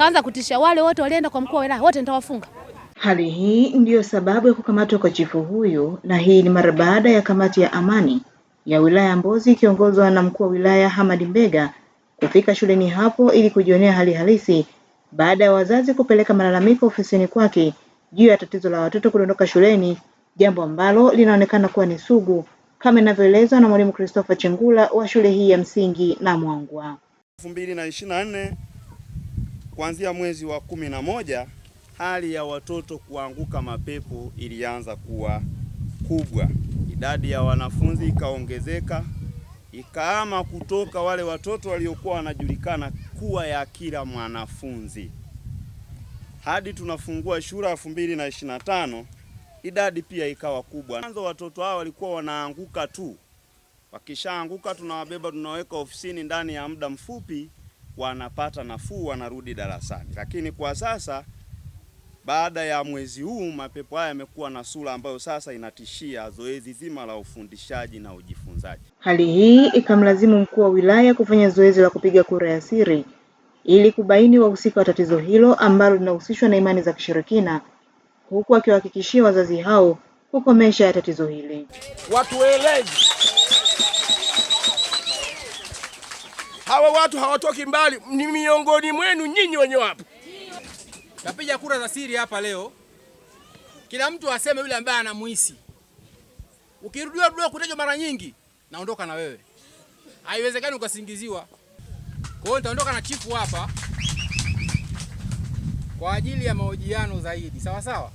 kaanza kutisha wale wote walienda kwa mkuu wa wilaya wote nitawafunga. Hali hii ndiyo sababu ya kukamatwa kwa chifu huyu, na hii ni mara baada ya kamati ya amani ya wilaya Mbozi ikiongozwa na mkuu wa wilaya Hamadi Mbega kufika shuleni hapo ili kujionea hali halisi baada ya wazazi kupeleka malalamiko ofisini kwake juu ya tatizo la watoto kudondoka shuleni, jambo ambalo linaonekana kuwa ni sugu kama inavyoelezwa na mwalimu Christopher Chengula wa shule hii ya msingi elfu mbili na ishirini na nne kuanzia mwezi wa kumi na moja hali ya watoto kuanguka mapepo ilianza kuwa kubwa, idadi ya wanafunzi ikaongezeka, ikaama kutoka wale watoto waliokuwa wanajulikana kuwa ya kila mwanafunzi hadi tunafungua shule elfu mbili na ishirini na tano idadi pia ikawa kubwa. Mwanzo watoto hao walikuwa wanaanguka tu, wakishaanguka tunawabeba tunaweka ofisini, ndani ya muda mfupi wanapata nafuu, wanarudi darasani. Lakini kwa sasa baada ya mwezi huu mapepo haya yamekuwa na sura ambayo sasa inatishia zoezi zima la ufundishaji na ujifunzaji. Hali hii ikamlazimu mkuu wa wilaya kufanya zoezi la kupiga kura ya siri ili kubaini wahusika wa tatizo hilo ambalo linahusishwa na imani za kishirikina, huku akiwahakikishia wazazi hao kukomesha tatizo hili. Watueleze hawa watu hawatoki mbali, ni miongoni mwenu nyinyi wenye wapo Tapiga kura za siri hapa leo, kila mtu aseme yule ambaye anamuhisi. Ukirudiwa rudiwa kutajwa mara nyingi, naondoka na wewe. Haiwezekani ukasingiziwa. Kwa hiyo nitaondoka na chifu hapa kwa ajili ya mahojiano zaidi, sawa sawa,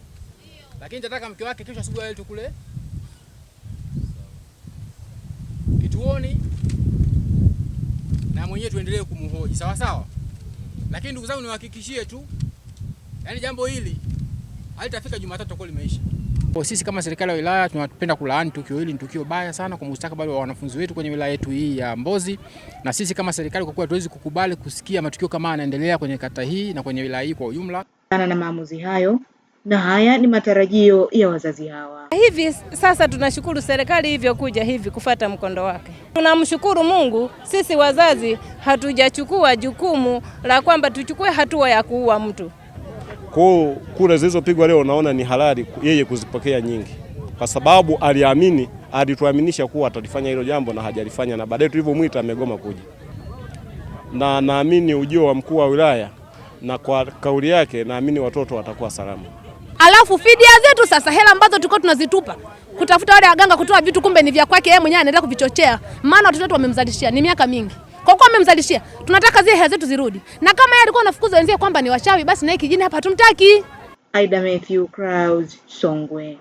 lakini nitataka mke wake kesho asubuhi kule mwenyewe tuendelee kumhoji sawa sawa. Lakini ndugu zangu, niwahakikishie tu, yaani jambo hili halitafika Jumatatu kwa limeisha. Kwa sisi kama serikali ya wilaya tunapenda kulaani tukio hili, ni tukio baya sana kwa mustakabali wa wanafunzi wetu kwenye wilaya yetu hii ya Mbozi, na sisi kama serikali kwa kuwa tuwezi kukubali kusikia matukio kama yanaendelea kwenye kata hii na kwenye wilaya hii kwa ujumla. Na maamuzi hayo na haya ni matarajio ya wazazi hawa. Hivi sasa tunashukuru serikali hivyo kuja hivi kufata mkondo wake. Tunamshukuru Mungu, sisi wazazi hatujachukua jukumu la kwamba tuchukue hatua ya kuua mtu. Kwa kura zilizopigwa leo, naona ni halali yeye kuzipokea nyingi, kwa sababu aliamini, alituaminisha kuwa atalifanya hilo jambo na hajalifanya, na baadaye tulivyomwita amegoma kuja, na naamini ujio wa mkuu wa wilaya na kwa kauli yake, naamini watoto watakuwa salama alafu fidia zetu sasa, hela ambazo tulikuwa tunazitupa kutafuta wale waganga kutoa vitu, kumbe ni vya kwake yeye mwenyewe, anaendelea kuvichochea. Maana watoto wetu wamemzalishia ni miaka mingi, kwa kuwa amemzalishia, tunataka zile hela zetu zirudi. Na kama yeye alikuwa anafukuza wenzie kwamba ni washawi, basi naye kijini hapa hatumtaki. Aida Matthew Clouds, Songwe.